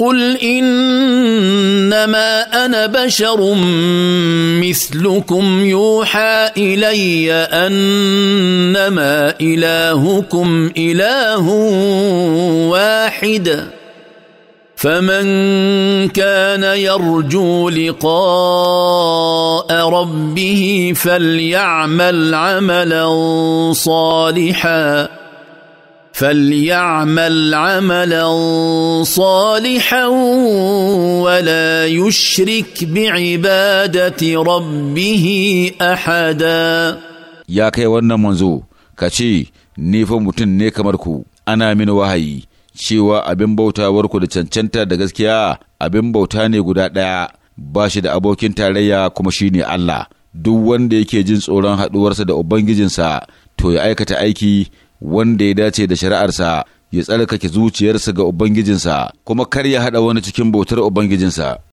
قل انما انا بشر مثلكم يوحى الي انما الهكم اله واحد فمن كان يرجو لقاء ربه فليعمل عملا صالحا فليعمل عملا صالحا ولا يشرك بعباده ربه احدا يا kai wannan manzo ka ce ni fa mutum ne kamar ku ana mini wahayi cewa abin bautawarku da cancanta da gaskiya abin bauta ne guda ɗaya ba shi da abokin tarayya kuma shi ne Allah duk wanda yake jin tsoron haɗuwarsa da ubangijinsa to ya aikata aiki wanda ya dace da shari'arsa ya tsarkake zuciyarsa ga Ubangijinsa kuma kar ya haɗa wani cikin bautar Ubangijinsa.